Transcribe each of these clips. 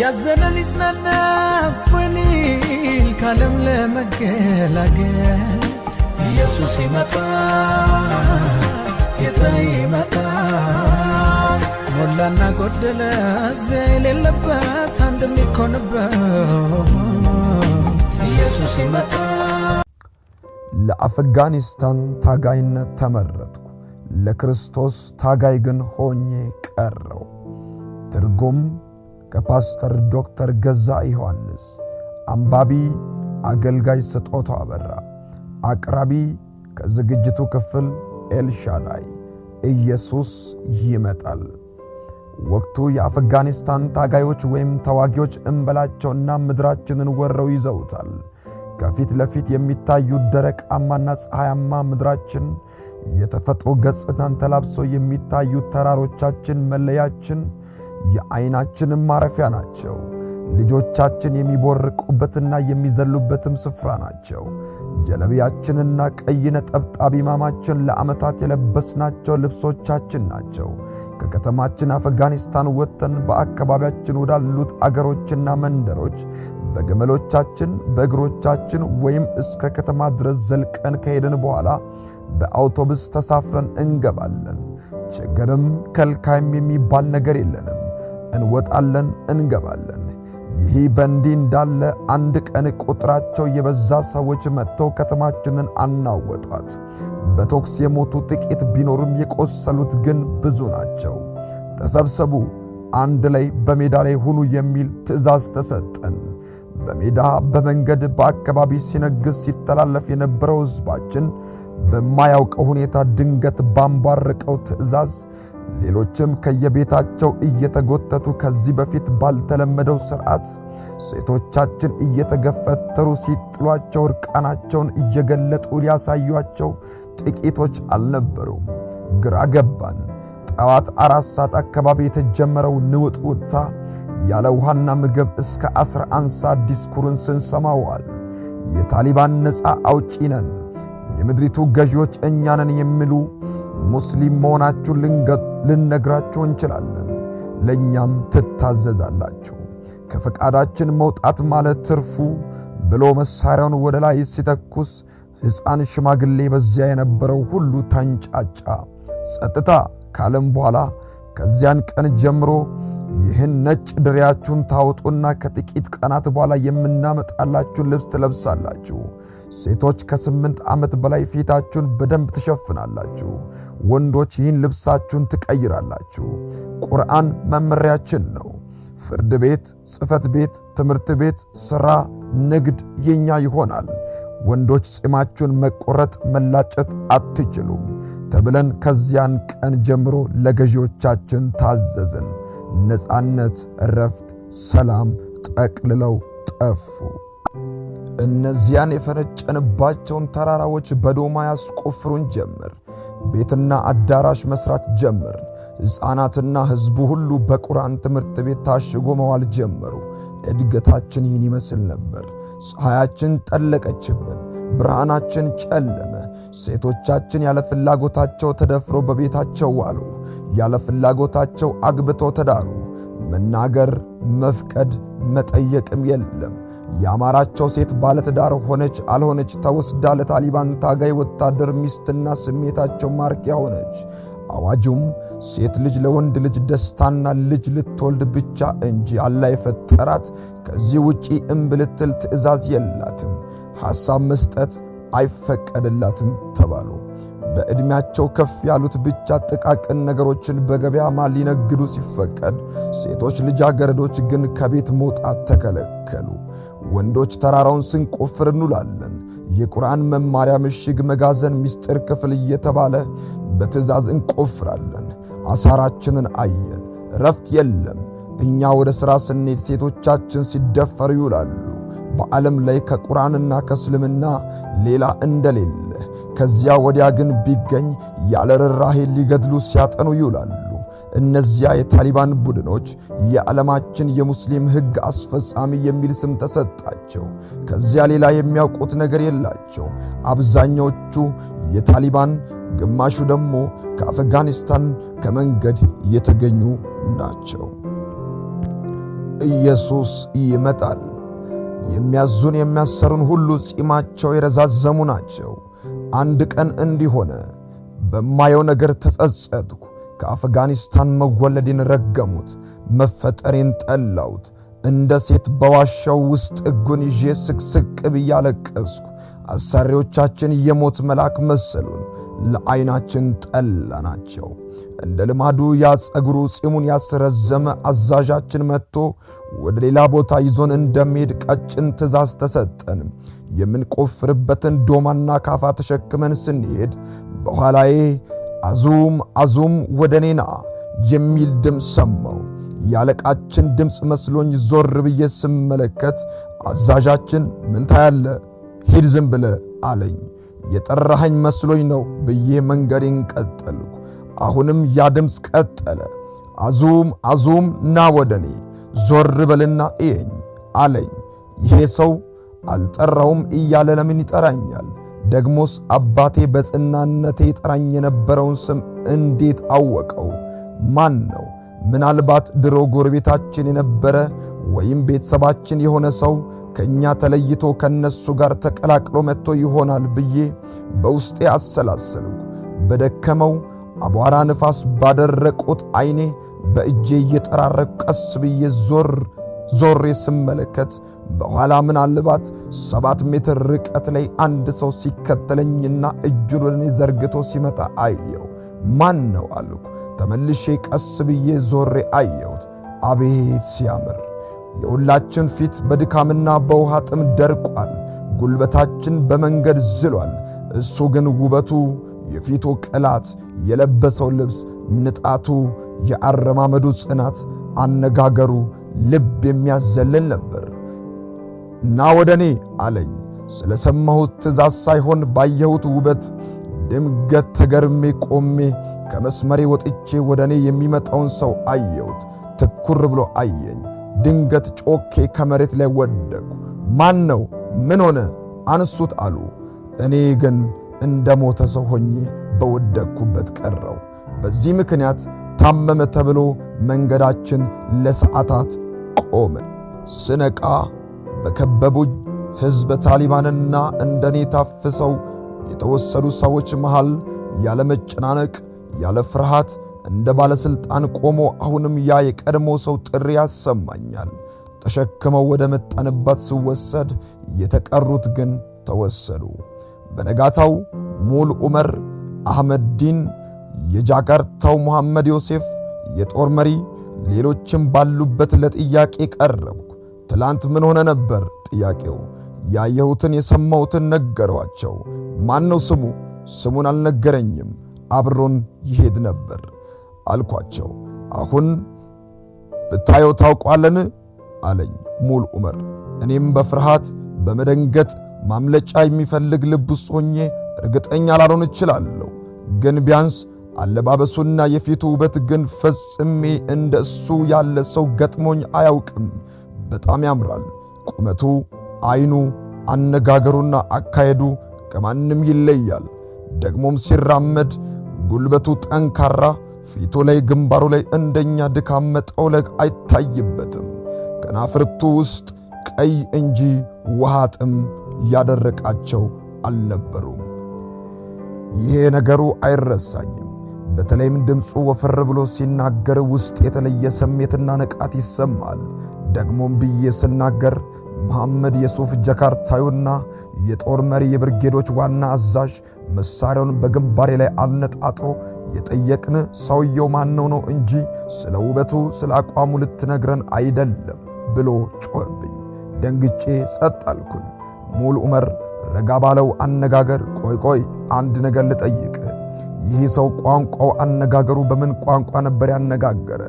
ያዘነ ሊጽናና ፎይሊል ካለም ለመገላገል ኢየሱስ ይመጣ፣ ጌታ ይመጣ። ሞላና ጎደለ እዚያ የሌለበት አንድ የሚኮንበት ኢየሱስ ይመጣ። ለአፍጋኒስታን ታጋይነት ተመረጥኩ፣ ለክርስቶስ ታጋይ ግን ሆኜ ቀረው። ትርጉም ከፓስተር ዶክተር ገዛ ዮሐንስ፣ አንባቢ አገልጋይ ስጦታ አበራ፣ አቅራቢ ከዝግጅቱ ክፍል ኤልሻዳይ። ኢየሱስ ይመጣል። ወቅቱ የአፍጋኒስታን ታጋዮች ወይም ተዋጊዎች እምበላቸውና ምድራችንን ወረው ይዘውታል። ከፊት ለፊት የሚታዩ ደረቃማና ፀሐያማ ምድራችን የተፈጥሮ ገጽታን ተላብሰው የሚታዩ ተራሮቻችን መለያችን የዓይናችንም ማረፊያ ናቸው። ልጆቻችን የሚቦርቁበትና የሚዘሉበትም ስፍራ ናቸው። ጀለቢያችንና ቀይ ነጠብጣብ ማማችን ለዓመታት የለበስናቸው ልብሶቻችን ናቸው። ከከተማችን አፍጋኒስታን ወጥተን በአካባቢያችን ወዳሉት አገሮችና መንደሮች በገመሎቻችን በእግሮቻችን ወይም እስከ ከተማ ድረስ ዘልቀን ከሄድን በኋላ በአውቶቡስ ተሳፍረን እንገባለን። ችግርም ከልካይም የሚባል ነገር የለንም። እንወጣለን እንገባለን። ይህ በእንዲህ እንዳለ አንድ ቀን ቁጥራቸው የበዛ ሰዎች መጥተው ከተማችንን አናወጧት። በተኩስ የሞቱ ጥቂት ቢኖሩም የቆሰሉት ግን ብዙ ናቸው። ተሰብሰቡ፣ አንድ ላይ በሜዳ ላይ ሁኑ የሚል ትእዛዝ ተሰጠን። በሜዳ በመንገድ፣ በአካባቢ ሲነግስ ሲተላለፍ የነበረው ሕዝባችን በማያውቀው ሁኔታ ድንገት ባንቧረቀው ትእዛዝ ሌሎችም ከየቤታቸው እየተጎተቱ ከዚህ በፊት ባልተለመደው ስርዓት ሴቶቻችን እየተገፈተሩ ሲጥሏቸው እርቃናቸውን እየገለጡ ሊያሳዩአቸው ጥቂቶች አልነበሩም። ግራ ገባን። ጠዋት አራት ሰዓት አካባቢ የተጀመረው ንውጥ ውታ ያለ ውሃና ምግብ እስከ ዐሥራ አንድ ሰዓት ዲስኩሩን ስንሰማዋል። የታሊባን ነፃ አውጪ ነን፣ የምድሪቱ ገዢዎች እኛ ነን የሚሉ ሙስሊም መሆናችሁን ልንነግራችሁ እንችላለን። ለእኛም ትታዘዛላችሁ። ከፈቃዳችን መውጣት ማለት ትርፉ ብሎ መሳሪያውን ወደ ላይ ሲተኩስ ሕፃን ሽማግሌ፣ በዚያ የነበረው ሁሉ ተንጫጫ። ጸጥታ ካለም በኋላ ከዚያን ቀን ጀምሮ ይህን ነጭ ድሪያችሁን ታወጡና ከጥቂት ቀናት በኋላ የምናመጣላችሁን ልብስ ትለብሳላችሁ። ሴቶች ከስምንት ዓመት በላይ ፊታችሁን በደንብ ትሸፍናላችሁ። ወንዶች ይህን ልብሳችሁን ትቀይራላችሁ። ቁርአን መመሪያችን ነው። ፍርድ ቤት፣ ጽህፈት ቤት፣ ትምህርት ቤት፣ ሥራ፣ ንግድ የኛ ይሆናል። ወንዶች ጺማችሁን መቆረጥ፣ መላጨት አትችሉም ተብለን ከዚያን ቀን ጀምሮ ለገዢዎቻችን ታዘዝን። ነፃነት፣ እረፍት፣ ሰላም ጠቅልለው ጠፉ። እነዚያን የፈነጨንባቸውን ተራራዎች በዶማ ያስቆፍሩን ጀምር! ቤትና አዳራሽ መስራት ጀመር። ሕፃናትና ሕዝቡ ሁሉ በቁርአን ትምህርት ቤት ታሽጎ መዋል ጀመሩ። እድገታችን ይህን ይመስል ነበር። ፀሐያችን ጠለቀችብን፣ ብርሃናችን ጨለመ። ሴቶቻችን ያለ ፍላጎታቸው ተደፍሮ በቤታቸው ዋሉ። ያለ ፍላጎታቸው አግብተው ተዳሩ። መናገር፣ መፍቀድ፣ መጠየቅም የለም። ያማራቸው ሴት ባለትዳር ሆነች አልሆነች ተወስዳ ለታሊባን ታጋይ ወታደር ሚስትና ስሜታቸው ማርኪያ ሆነች። አዋጁም ሴት ልጅ ለወንድ ልጅ ደስታና ልጅ ልትወልድ ብቻ እንጂ አላ የፈጠራት ከዚህ ውጪ እምብ ልትል ትዕዛዝ የላትም፣ ሐሳብ መስጠት አይፈቀድላትም ተባሉ። በዕድሜያቸው ከፍ ያሉት ብቻ ጥቃቅን ነገሮችን ማ ሊነግዱ ሲፈቀድ፣ ሴቶች ልጃገረዶች ግን ከቤት መውጣት ተከለከሉ። ወንዶች ተራራውን ስንቆፍር እንውላለን። የቁርአን መማሪያ ምሽግ፣ መጋዘን፣ ምስጢር ክፍል እየተባለ በትዕዛዝ እንቆፍራለን። አሳራችንን አየን። እረፍት የለም። እኛ ወደ ሥራ ስንሄድ ሴቶቻችን ሲደፈሩ ይውላሉ። በዓለም ላይ ከቁርአንና ከእስልምና ሌላ እንደሌለ ከዚያ ወዲያ ግን ቢገኝ ያለ ርኅራኄ ሊገድሉ ሲያጠኑ ይውላሉ። እነዚያ የታሊባን ቡድኖች የዓለማችን የሙስሊም ሕግ አስፈጻሚ የሚል ስም ተሰጣቸው። ከዚያ ሌላ የሚያውቁት ነገር የላቸው። አብዛኛዎቹ የታሊባን ግማሹ ደግሞ ከአፍጋኒስታን ከመንገድ የተገኙ ናቸው። ኢየሱስ ይመጣል። የሚያዙን የሚያሰሩን ሁሉ ጺማቸው የረዛዘሙ ናቸው። አንድ ቀን እንዲሆነ በማየው ነገር ተጸጸትኩ ከአፍጋኒስታን መወለዴን ረገሙት፣ መፈጠሬን ጠላሁት። እንደ ሴት በዋሻው ውስጥ እጉን ይዤ ስቅስቅ ብዬ አለቀስኩ። አሰሪዎቻችን የሞት መልአክ መሰሉን፣ ለዐይናችን ጠላናቸው። እንደ ልማዱ ያ ጸጉሩ ጺሙን ያስረዘመ አዛዣችን መጥቶ ወደ ሌላ ቦታ ይዞን እንደሚሄድ ቀጭን ትእዛዝ ተሰጠን። የምንቆፍርበትን ዶማና ካፋ ተሸክመን ስንሄድ በኋላዬ አዙም አዙም ወደ እኔና የሚል ድምፅ ሰማው። የአለቃችን ድምፅ መስሎኝ ዞር ብዬ ስመለከት አዛዣችን ምን ታያለ? ሂድ ዝም ብለ አለኝ። የጠራኸኝ መስሎኝ ነው ብዬ መንገዴን ቀጠልኩ። አሁንም ያ ድምፅ ቀጠለ። አዙም አዙም ና ወደ እኔ ዞር በልና እየኝ አለኝ። ይሄ ሰው አልጠራውም እያለ ለምን ይጠራኛል? ደግሞስ አባቴ በጽናነቴ ጠራኝ የነበረውን ስም እንዴት አወቀው? ማን ነው? ምናልባት ድሮ ጎረቤታችን የነበረ ወይም ቤተሰባችን የሆነ ሰው ከእኛ ተለይቶ ከነሱ ጋር ተቀላቅሎ መጥቶ ይሆናል ብዬ በውስጤ አሰላሰልኩ። በደከመው አቧራ ንፋስ ባደረቁት ዓይኔ በእጄ እየጠራረኩ ቀስ ብዬ ዞር ዞሬ ስመለከት በኋላ ምናልባት ሰባት ሜትር ርቀት ላይ አንድ ሰው ሲከተለኝና እጁን ወደ እኔ ዘርግቶ ሲመጣ አየው። ማን ነው አልኩ። ተመልሼ ቀስ ብዬ ዞሬ አየሁት። አቤት ሲያምር! የሁላችን ፊት በድካምና በውሃ ጥም ደርቋል። ጉልበታችን በመንገድ ዝሏል። እሱ ግን ውበቱ፣ የፊቱ ቅላት፣ የለበሰው ልብስ፣ ንጣቱ፣ የአረማመዱ ጽናት፣ አነጋገሩ ልብ የሚያዘልን ነበር። ና ወደ እኔ አለኝ። ስለ ሰማሁት ትእዛዝ ሳይሆን ባየሁት ውበት ድንገት ተገርሜ ቆሜ ከመስመሬ ወጥቼ ወደ እኔ የሚመጣውን ሰው አየሁት። ትኩር ብሎ አየኝ። ድንገት ጮኬ ከመሬት ላይ ወደቅሁ። ማን ነው? ምን ሆነ? አንሱት አሉ። እኔ ግን እንደ ሞተ ሰው ሆኜ በወደግኩበት ቀረው። በዚህ ምክንያት ታመመ ተብሎ መንገዳችን ለሰዓታት ቆመ። ስነቃ በከበቡኝ ሕዝብ ታሊባንና እንደኔ ታፍሰው የተወሰዱ ሰዎች መሃል ያለ መጨናነቅ ያለ ፍርሃት እንደ ባለሥልጣን ቆሞ አሁንም ያ የቀድሞ ሰው ጥሪ ያሰማኛል። ተሸክመው ወደ መጣንባት ስወሰድ የተቀሩት ግን ተወሰዱ። በነጋታው ሙል ዑመር አህመድ ዲን፣ የጃካርታው መሐመድ ዮሴፍ፣ የጦር መሪ ሌሎችም ባሉበት ለጥያቄ ቀረቡ። ትላንት ምን ሆነ ነበር ጥያቄው። ያየሁትን የሰማሁትን ነገሯቸው። ማን ነው ስሙ? ስሙን አልነገረኝም። አብሮን ይሄድ ነበር አልኳቸው። አሁን ብታየው ታውቋለን አለኝ ሙል ዑመር። እኔም በፍርሃት በመደንገጥ ማምለጫ የሚፈልግ ልብ ውስጥ ሆኜ እርግጠኛ ላልሆን እችላለሁ፣ ግን ቢያንስ አለባበሱና የፊቱ ውበት ግን ፈጽሜ እንደ እሱ ያለ ሰው ገጥሞኝ አያውቅም። በጣም ያምራል። ቁመቱ፣ አይኑ፣ አነጋገሩና አካሄዱ ከማንም ይለያል። ደግሞም ሲራመድ ጉልበቱ ጠንካራ፣ ፊቱ ላይ ግንባሩ ላይ እንደኛ ድካም መጠውለግ አይታይበትም። ከናፍርቱ ውስጥ ቀይ እንጂ ውሃ ጥም ያደረቃቸው አልነበሩም። ይሄ ነገሩ አይረሳኝም። በተለይም ድምፁ ወፈር ብሎ ሲናገር ውስጥ የተለየ ስሜትና ንቃት ይሰማል። ደግሞም ብዬ ስናገር መሐመድ የሱፍ ጀካርታዩና የጦር መሪ የብርጌዶች ዋና አዛዥ መሳሪያውን በግንባሬ ላይ አነጣጥሮ የጠየቅን ሰውየው ማነው ነው እንጂ ስለ ውበቱ ስለ አቋሙ ልትነግረን አይደለም ብሎ ጮኸብኝ። ደንግጬ ጸጥ አልኩኝ። ሙል ዑመር ረጋ ባለው አነጋገር ቆይ ቆይ አንድ ነገር ልጠይቅህ ይህ ሰው ቋንቋው፣ አነጋገሩ በምን ቋንቋ ነበር ያነጋገረ?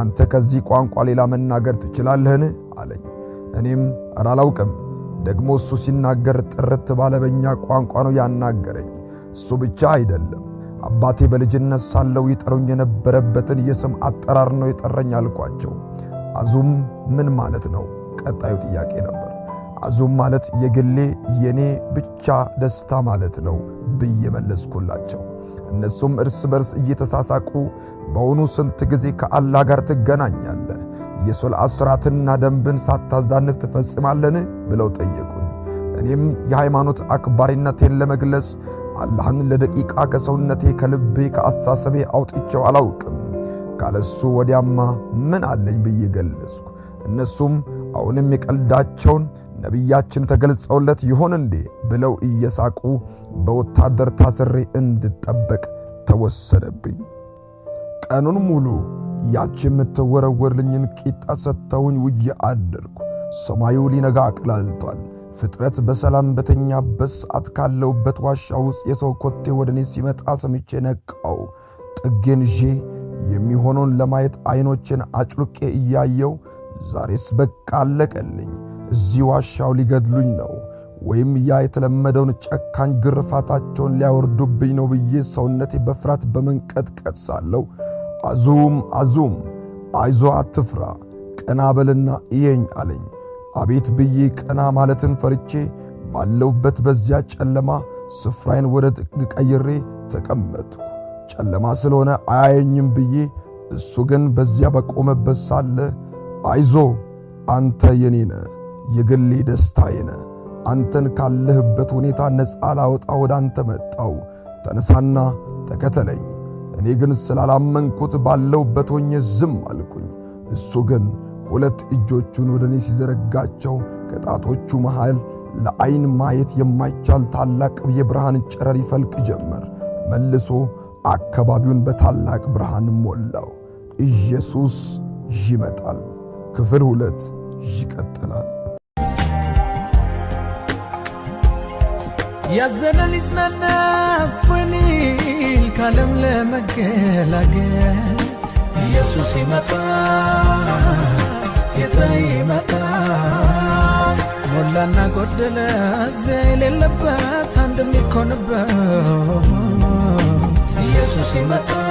አንተ ከዚህ ቋንቋ ሌላ መናገር ትችላለህን? አለኝ። እኔም አላላውቅም! አላውቅም። ደግሞ እሱ ሲናገር ጥርት ባለ በእኛ ቋንቋ ነው ያናገረኝ። እሱ ብቻ አይደለም፣ አባቴ በልጅነት ሳለው ይጠሩኝ የነበረበትን የስም አጠራር ነው የጠረኝ አልኳቸው። አዙም ምን ማለት ነው? ቀጣዩ ጥያቄ ነበር። አዙም ማለት የግሌ የኔ ብቻ ደስታ ማለት ነው ብዬ መለስኩላቸው። እነሱም እርስ በርስ እየተሳሳቁ በሆኑ ስንት ጊዜ ከአላህ ጋር ትገናኛለ የሶላት ሥርዓትንና ደንብን ሳታዛንፍ ትፈጽማለን? ብለው ጠየቁኝ። እኔም የሃይማኖት አክባሪነቴን ለመግለጽ አላህን ለደቂቃ ከሰውነቴ ከልቤ ከአስተሳሰቤ አውጥቼው አላውቅም፣ ካለሱ ወዲያማ ምን አለኝ ብዬ ገለጽኩ። እነሱም አሁንም የቀልዳቸውን ነቢያችን ተገልጸውለት ይሆን እንዴ ብለው እየሳቁ በወታደር ታስሬ እንድጠበቅ ተወሰነብኝ። ቀኑን ሙሉ ያች የምትወረወርልኝን ቂጣ ሰጥተውኝ ውዬ አደርኩ። ሰማዩ ሊነጋ አቅላልቷል። ፍጥረት በሰላም በተኛበት ሰዓት ካለውበት ዋሻ ውስጥ የሰው ኮቴ ወደ እኔ ሲመጣ ሰምቼ ነቃው። ጥጌን ይዤ የሚሆነውን ለማየት ዐይኖቼን አጭርቄ እያየው ዛሬስ በቃ አለቀልኝ እዚህ ዋሻው ሊገድሉኝ ነው ወይም ያ የተለመደውን ጨካኝ ግርፋታቸውን ሊያወርዱብኝ ነው ብዬ ሰውነቴ በፍርሃት በመንቀጥቀጥ ሳለሁ አዙም አዙም አይዞ አትፍራ፣ ቀና በልና እየኝ አለኝ። አቤት ብዬ ቀና ማለትን ፈርቼ ባለውበት በዚያ ጨለማ ስፍራዬን ወደ ጥግ ቀይሬ ተቀመጥኩ። ጨለማ ስለሆነ አያየኝም ብዬ እሱ ግን በዚያ በቆመበት ሳለ አይዞ አንተ የኔ ነህ የግሌ ደስታ ነህ። አንተን ካለህበት ሁኔታ ነፃ ላወጣ ወደ አንተ መጣው። ተነሳና ተከተለኝ። እኔ ግን ስላላመንኩት ባለውበት ሆኜ ዝም አልኩኝ። እሱ ግን ሁለት እጆቹን ወደ እኔ ሲዘረጋቸው ከጣቶቹ መሃል ለአይን ማየት የማይቻል ታላቅ የብርሃን ጨረር ይፈልቅ ጀመር። መልሶ አካባቢውን በታላቅ ብርሃን ሞላው። ኢየሱስ ይመጣል። ክፍል ሁለት ይቀጥላል። ያዘነ ሊጽናና ፈሊል ካለም ለመገላገል ኢየሱስ ይመጣ፣ ጌታ ይመጣ። ሞላና ጎደለ እዚያ የሌለበት አንድ የሚኮንበት ኢየሱስ ይመጣ